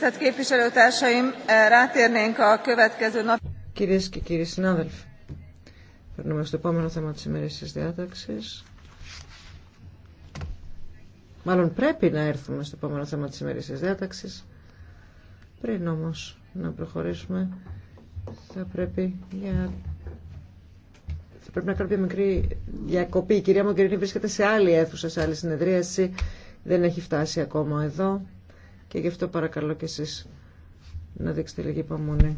Eh, Κυρίες και κύριοι συνάδελφοι, περνούμε στο επόμενο θέμα της ημερήσιας διάταξη. Μάλλον πρέπει να έρθουμε στο επόμενο θέμα της ημερήσιας διάταξη. Πριν όμως να προχωρήσουμε, θα πρέπει για θα πρέπει να κάνουμε μια μικρή διακοπή. Η κυρία Μογκερίνη βρίσκεται σε άλλη αίθουσα, σε άλλη συνεδρίαση. Δεν έχει φτάσει ακόμα εδώ και γι' αυτό παρακαλώ και εσείς να δείξετε λίγη υπομονή.